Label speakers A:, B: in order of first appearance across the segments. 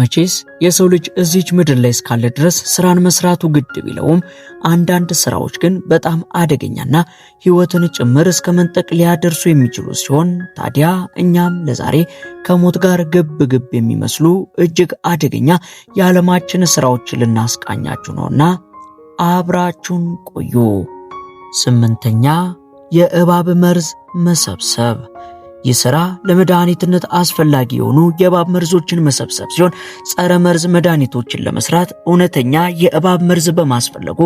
A: መቼስ የሰው ልጅ እዚች ምድር ላይ እስካለ ድረስ ስራን መስራቱ ግድ ቢለውም አንዳንድ ስራዎች ግን በጣም አደገኛና ህይወትን ጭምር እስከ መንጠቅ ሊያደርሱ የሚችሉ ሲሆን ታዲያ እኛም ለዛሬ ከሞት ጋር ግብ ግብ የሚመስሉ እጅግ አደገኛ የዓለማችን ስራዎች ልናስቃኛችሁ ነውና አብራችሁን ቆዩ። ስምንተኛ የእባብ መርዝ መሰብሰብ ይህ ለመድኃኒትነት አስፈላጊ የሆኑ የእባብ መርዞችን መሰብሰብ ሲሆን ጸረ መርዝ መድኃኒቶችን ለመስራት እውነተኛ የእባብ መርዝ በማስፈለጉ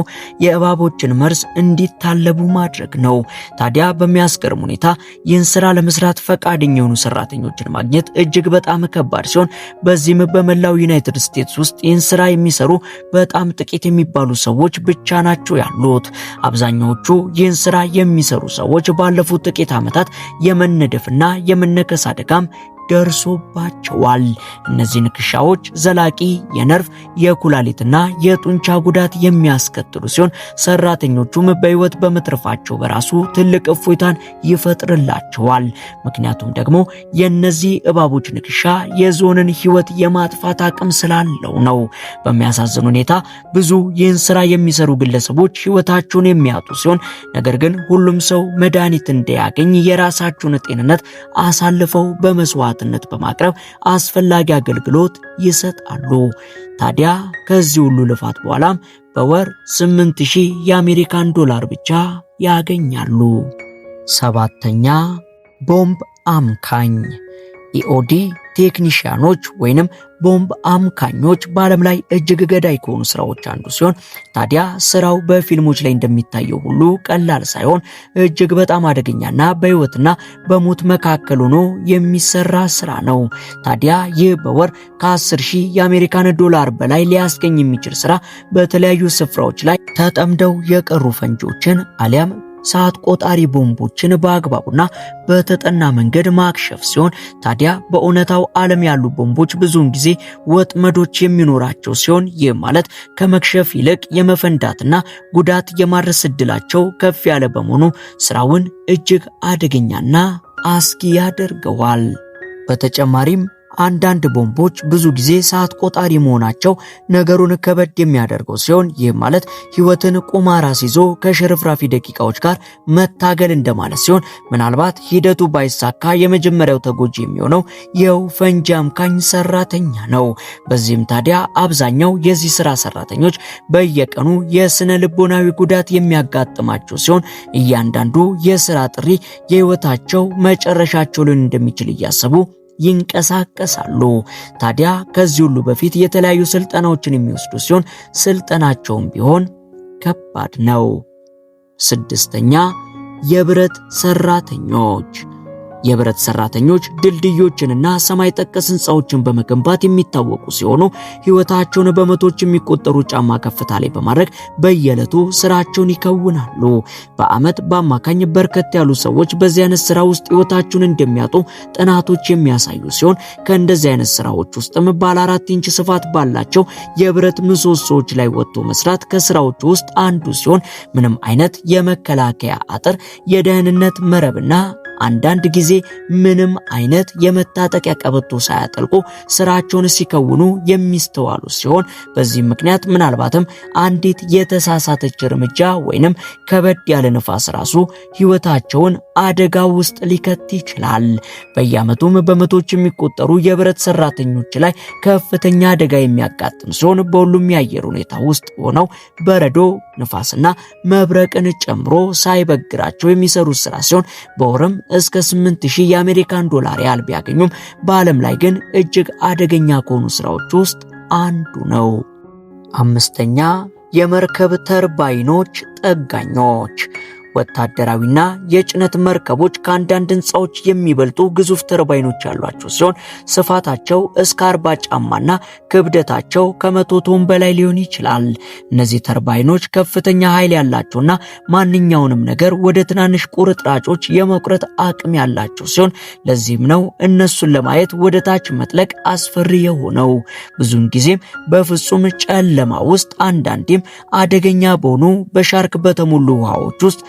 A: የእባቦችን መርዝ እንዲታለቡ ማድረግ ነው። ታዲያ በሚያስገርም ሁኔታ ይህን ሥራ ለመስራት ፈቃደኛ የሆኑ ሰራተኞችን ማግኘት እጅግ በጣም ከባድ ሲሆን በዚህም በመላው ዩናይትድ ስቴትስ ውስጥ ይህን ሥራ የሚሰሩ በጣም ጥቂት የሚባሉ ሰዎች ብቻ ናቸው ያሉት። አብዛኛዎቹ ይህን ሥራ የሚሰሩ ሰዎች ባለፉት ጥቂት ዓመታት የመነደፍና የመነከስ አደጋም ደርሶባቸዋል። እነዚህ ንክሻዎች ዘላቂ የነርቭ የኩላሊትና የጡንቻ ጉዳት የሚያስከትሉ ሲሆን ሰራተኞቹም በህይወት በመትረፋቸው በራሱ ትልቅ እፎይታን ይፈጥርላቸዋል። ምክንያቱም ደግሞ የእነዚህ እባቦች ንክሻ የዞንን ህይወት የማጥፋት አቅም ስላለው ነው። በሚያሳዝን ሁኔታ ብዙ ይህን ስራ የሚሰሩ ግለሰቦች ህይወታቸውን የሚያጡ ሲሆን ነገር ግን ሁሉም ሰው መድኃኒት እንዲያገኝ የራሳቸውን ጤንነት አሳልፈው በመስዋዕት መስዋዕትነት በማቅረብ አስፈላጊ አገልግሎት ይሰጣሉ። ታዲያ ከዚህ ሁሉ ልፋት በኋላም በወር 8000 የአሜሪካን ዶላር ብቻ ያገኛሉ። ሰባተኛ ቦምብ አምካኝ ኢኦዲ ቴክኒሽያኖች ወይንም ቦምብ አምካኞች በዓለም ላይ እጅግ ገዳይ ከሆኑ ስራዎች አንዱ ሲሆን ታዲያ ስራው በፊልሞች ላይ እንደሚታየው ሁሉ ቀላል ሳይሆን እጅግ በጣም አደገኛና በሕይወትና በሞት መካከል ሆኖ የሚሰራ ስራ ነው። ታዲያ ይህ በወር ከ10 ሺህ የአሜሪካን ዶላር በላይ ሊያስገኝ የሚችል ስራ በተለያዩ ስፍራዎች ላይ ተጠምደው የቀሩ ፈንጂዎችን አሊያም ሰዓት ቆጣሪ ቦምቦችን በአግባቡና በተጠና መንገድ ማክሸፍ ሲሆን ታዲያ በእውነታው ዓለም ያሉ ቦምቦች ብዙውን ጊዜ ወጥመዶች የሚኖራቸው ሲሆን ይህ ማለት ከመክሸፍ ይልቅ የመፈንዳትና ጉዳት የማድረስ እድላቸው ከፍ ያለ በመሆኑ ስራውን እጅግ አደገኛና አስጊ ያደርገዋል። በተጨማሪም አንዳንድ ቦምቦች ብዙ ጊዜ ሰዓት ቆጣሪ መሆናቸው ነገሩን ከበድ የሚያደርገው ሲሆን ይህ ማለት ህይወትን ቁማር አስይዞ ከሽርፍራፊ ደቂቃዎች ጋር መታገል እንደማለት ሲሆን ምናልባት ሂደቱ ባይሳካ የመጀመሪያው ተጎጂ የሚሆነው ይኸው ፈንጂ አምካኝ ሰራተኛ ነው። በዚህም ታዲያ አብዛኛው የዚህ ስራ ሰራተኞች በየቀኑ የስነ ልቦናዊ ጉዳት የሚያጋጥማቸው ሲሆን እያንዳንዱ የስራ ጥሪ የህይወታቸው መጨረሻቸው ሊሆን እንደሚችል እያሰቡ ይንቀሳቀሳሉ። ታዲያ ከዚህ ሁሉ በፊት የተለያዩ ስልጠናዎችን የሚወስዱ ሲሆን ስልጠናቸውም ቢሆን ከባድ ነው። ስድስተኛ የብረት ሰራተኞች የብረት ሰራተኞች ድልድዮችንና ሰማይ ጠቀስ ህንፃዎችን በመገንባት የሚታወቁ ሲሆኑ ህይወታቸውን በመቶች የሚቆጠሩ ጫማ ከፍታ ላይ በማድረግ በየዕለቱ ስራቸውን ይከውናሉ። በዓመት በአማካኝ በርከት ያሉ ሰዎች በዚህ አይነት ስራ ውስጥ ህይወታቸውን እንደሚያጡ ጥናቶች የሚያሳዩ ሲሆን ከእንደዚህ አይነት ስራዎች ውስጥም ባለ አራት ኢንች ስፋት ባላቸው የብረት ምሰሶዎች ላይ ወጥቶ መስራት ከስራዎቹ ውስጥ አንዱ ሲሆን ምንም አይነት የመከላከያ አጥር፣ የደህንነት መረብና አንዳንድ ጊዜ ምንም አይነት የመታጠቂያ ቀበቶ ሳያጠልቁ ስራቸውን ሲከውኑ የሚስተዋሉ ሲሆን በዚህ ምክንያት ምናልባትም አንዲት የተሳሳተች እርምጃ ወይንም ከበድ ያለ ንፋስ ራሱ ህይወታቸውን አደጋ ውስጥ ሊከት ይችላል። በየአመቱም በመቶዎች የሚቆጠሩ የብረት ሰራተኞች ላይ ከፍተኛ አደጋ የሚያጋጥም ሲሆን በሁሉም የአየር ሁኔታ ውስጥ ሆነው በረዶ፣ ንፋስና መብረቅን ጨምሮ ሳይበግራቸው የሚሰሩት ስራ ሲሆን በወርም እስከ 8000 የአሜሪካን ዶላር ያህል ቢያገኙም በዓለም ላይ ግን እጅግ አደገኛ ከሆኑ ስራዎች ውስጥ አንዱ ነው። አምስተኛ የመርከብ ተርባይኖች ጠጋኞች ወታደራዊና የጭነት መርከቦች ከአንዳንድ ህንፃዎች የሚበልጡ ግዙፍ ተርባይኖች ያሏቸው ሲሆን ስፋታቸው እስከ አርባ ጫማና ክብደታቸው ከመቶ ቶን በላይ ሊሆን ይችላል። እነዚህ ተርባይኖች ከፍተኛ ኃይል ያላቸውና ማንኛውንም ነገር ወደ ትናንሽ ቁርጥራጮች የመቁረጥ አቅም ያላቸው ሲሆን ለዚህም ነው እነሱን ለማየት ወደ ታች መጥለቅ አስፈሪ የሆነው። ብዙውን ጊዜም በፍጹም ጨለማ ውስጥ አንዳንዴም አደገኛ በሆኑ በሻርክ በተሞሉ ውሃዎች ውስጥ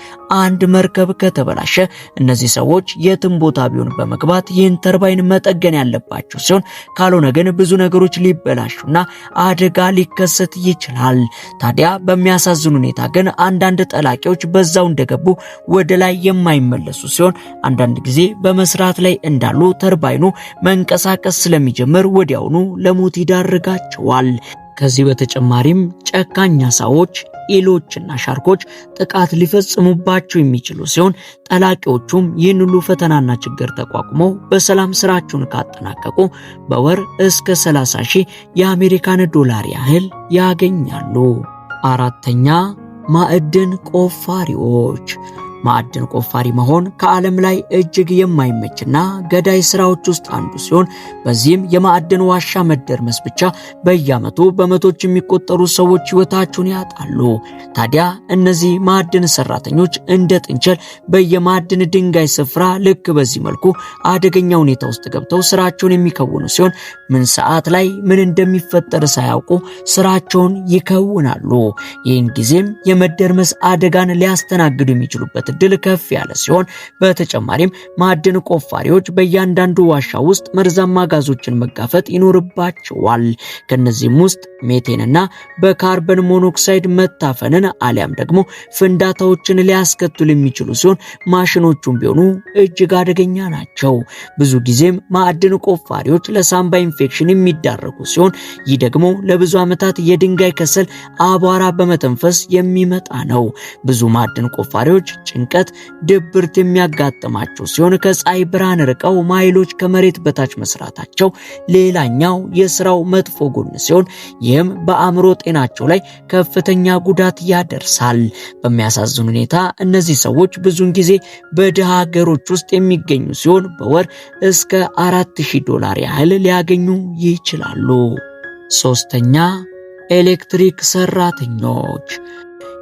A: አንድ መርከብ ከተበላሸ እነዚህ ሰዎች የትም ቦታ ቢሆን በመግባት ይህን ተርባይን መጠገን ያለባቸው ሲሆን ካልሆነ ግን ብዙ ነገሮች ሊበላሹና አደጋ ሊከሰት ይችላል። ታዲያ በሚያሳዝን ሁኔታ ግን አንዳንድ ጠላቂዎች በዛው እንደገቡ ወደ ላይ የማይመለሱ ሲሆን አንዳንድ ጊዜ በመስራት ላይ እንዳሉ ተርባይኑ መንቀሳቀስ ስለሚጀምር ወዲያውኑ ለሞት ይዳርጋቸዋል። ከዚህ በተጨማሪም ጨካኝ አሳዎች ኢሎችና ሻርኮች ጥቃት ሊፈጽሙባቸው የሚችሉ ሲሆን ጠላቂዎቹም ይህን ሁሉ ፈተናና ችግር ተቋቁመው በሰላም ስራቸውን ካጠናቀቁ በወር እስከ 30 ሺህ የአሜሪካን ዶላር ያህል ያገኛሉ። አራተኛ ማዕድን ቆፋሪዎች ማዕድን ቆፋሪ መሆን ከዓለም ላይ እጅግ የማይመችና ገዳይ ስራዎች ውስጥ አንዱ ሲሆን በዚህም የማዕድን ዋሻ መደርመስ ብቻ በየዓመቱ በመቶች የሚቆጠሩ ሰዎች ሕይወታቸውን ያጣሉ። ታዲያ እነዚህ ማዕድን ሰራተኞች እንደ ጥንቸል በየማዕድን ድንጋይ ስፍራ ልክ በዚህ መልኩ አደገኛ ሁኔታ ውስጥ ገብተው ስራቸውን የሚከውኑ ሲሆን ምን ሰዓት ላይ ምን እንደሚፈጠር ሳያውቁ ስራቸውን ይከውናሉ። ይህን ጊዜም የመደርመስ አደጋን ሊያስተናግዱ የሚችሉበት እድል ከፍ ያለ ሲሆን በተጨማሪም ማዕድን ቆፋሪዎች በእያንዳንዱ ዋሻ ውስጥ መርዛማ ጋዞችን መጋፈጥ ይኖርባቸዋል። ከነዚህም ውስጥ ሜቴንና በካርበን ሞኖክሳይድ መታፈንን አሊያም ደግሞ ፍንዳታዎችን ሊያስከትሉ የሚችሉ ሲሆን ማሽኖቹም ቢሆኑ እጅግ አደገኛ ናቸው። ብዙ ጊዜም ማዕድን ቆፋሪዎች ለሳምባ ኢንፌክሽን የሚዳረጉ ሲሆን ይህ ደግሞ ለብዙ ዓመታት የድንጋይ ከሰል አቧራ በመተንፈስ የሚመጣ ነው። ብዙ ማዕድን ቆፋሪዎች ጭንቀት፣ ድብርት የሚያጋጥማቸው ሲሆን ከፀሐይ ብርሃን ርቀው ማይሎች ከመሬት በታች መስራታቸው ሌላኛው የስራው መጥፎ ጎን ሲሆን ይህም በአእምሮ ጤናቸው ላይ ከፍተኛ ጉዳት ያደርሳል። በሚያሳዝን ሁኔታ እነዚህ ሰዎች ብዙውን ጊዜ በድሃ ሀገሮች ውስጥ የሚገኙ ሲሆን በወር እስከ አራት ዶላር ያህል ሊያገኙ ይችላሉ። ሶስተኛ ኤሌክትሪክ ሰራተኞች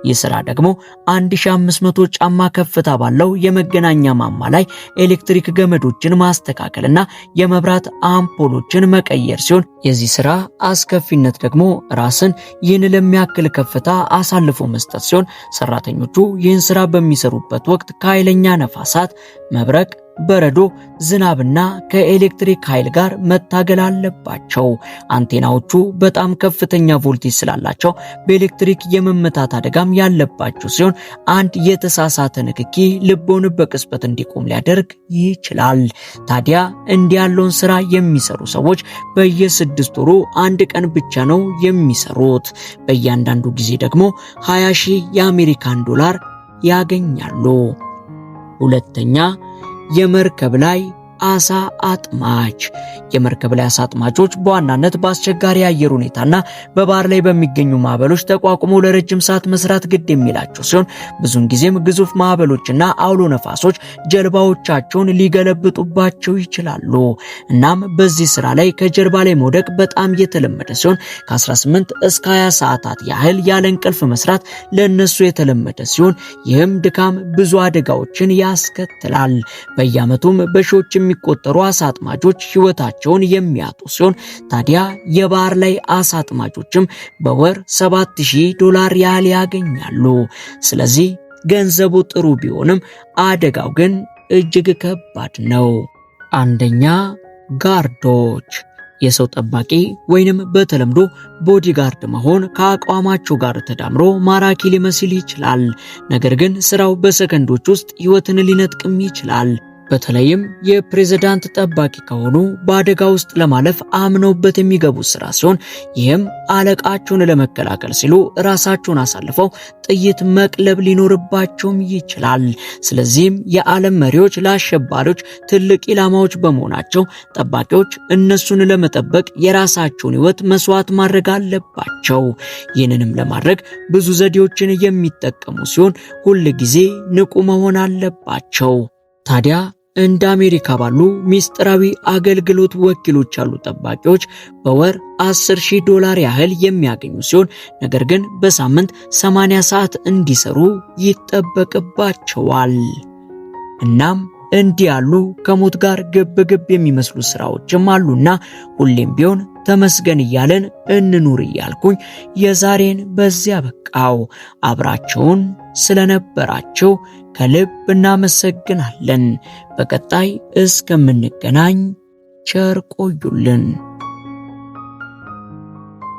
A: ይህ ስራ ደግሞ 1500 ጫማ ከፍታ ባለው የመገናኛ ማማ ላይ ኤሌክትሪክ ገመዶችን ማስተካከልና የመብራት አምፖሎችን መቀየር ሲሆን የዚህ ስራ አስከፊነት ደግሞ ራስን ይህን ለሚያክል ከፍታ አሳልፎ መስጠት ሲሆን ሰራተኞቹ ይህን ስራ በሚሰሩበት ወቅት ከኃይለኛ ነፋሳት፣ መብረቅ በረዶ፣ ዝናብና ከኤሌክትሪክ ኃይል ጋር መታገል አለባቸው። አንቴናዎቹ በጣም ከፍተኛ ቮልቴጅ ስላላቸው በኤሌክትሪክ የመመታት አደጋም ያለባቸው ሲሆን አንድ የተሳሳተ ንክኪ ልቦን በቅጽበት እንዲቆም ሊያደርግ ይችላል። ታዲያ እንዲያለውን ስራ የሚሰሩ ሰዎች በየስድስት ወሩ አንድ ቀን ብቻ ነው የሚሰሩት። በእያንዳንዱ ጊዜ ደግሞ 20 ሺህ የአሜሪካን ዶላር ያገኛሉ። ሁለተኛ የመርከብ ላይ አሳ አጥማጅ የመርከብ ላይ አሳ አጥማጆች በዋናነት በአስቸጋሪ የአየር ሁኔታና በባህር ላይ በሚገኙ ማዕበሎች ተቋቁመው ለረጅም ሰዓት መስራት ግድ የሚላቸው ሲሆን ብዙውን ጊዜም ግዙፍ ማዕበሎችና አውሎ ነፋሶች ጀልባዎቻቸውን ሊገለብጡባቸው ይችላሉ። እናም በዚህ ስራ ላይ ከጀልባ ላይ መውደቅ በጣም የተለመደ ሲሆን ከ18 እስከ 20 ሰዓታት ያህል ያለ እንቅልፍ መስራት ለእነሱ የተለመደ ሲሆን ይህም ድካም ብዙ አደጋዎችን ያስከትላል። በየዓመቱም በሺዎች የሚቆጠሩ አሳ አጥማጆች የሚያጡ ሲሆን ታዲያ የባህር ላይ አሳ አጥማጆችም በወር 7000 ዶላር ያህል ያገኛሉ። ስለዚህ ገንዘቡ ጥሩ ቢሆንም አደጋው ግን እጅግ ከባድ ነው። አንደኛ ጋርዶች የሰው ጠባቂ ወይንም በተለምዶ ቦዲጋርድ መሆን ከአቋማቸው ጋር ተዳምሮ ማራኪ ሊመስል ይችላል። ነገር ግን ስራው በሰከንዶች ውስጥ ህይወትን ሊነጥቅም ይችላል። በተለይም የፕሬዝዳንት ጠባቂ ከሆኑ በአደጋ ውስጥ ለማለፍ አምነውበት የሚገቡት ስራ ሲሆን ይህም አለቃቸውን ለመከላከል ሲሉ ራሳቸውን አሳልፈው ጥይት መቅለብ ሊኖርባቸውም ይችላል። ስለዚህም የዓለም መሪዎች ለአሸባሪዎች ትልቅ ኢላማዎች በመሆናቸው ጠባቂዎች እነሱን ለመጠበቅ የራሳቸውን ሕይወት መስዋዕት ማድረግ አለባቸው። ይህንንም ለማድረግ ብዙ ዘዴዎችን የሚጠቀሙ ሲሆን ሁል ጊዜ ንቁ መሆን አለባቸው። ታዲያ እንደ አሜሪካ ባሉ ሚስጥራዊ አገልግሎት ወኪሎች ያሉ ጠባቂዎች በወር 10 ሺህ ዶላር ያህል የሚያገኙ ሲሆን ነገር ግን በሳምንት 80 ሰዓት እንዲሰሩ ይጠበቅባቸዋል። እናም እንዲህ ያሉ ከሞት ጋር ግብ ግብ የሚመስሉ ስራዎችም አሉና ሁሌም ቢሆን ተመስገን እያለን እንኑር እያልኩኝ የዛሬን በዚያ በቃው አብራቸውን ስለነበራችሁ ከልብ እናመሰግናለን። በቀጣይ እስከምንገናኝ ቸር ቆዩልን።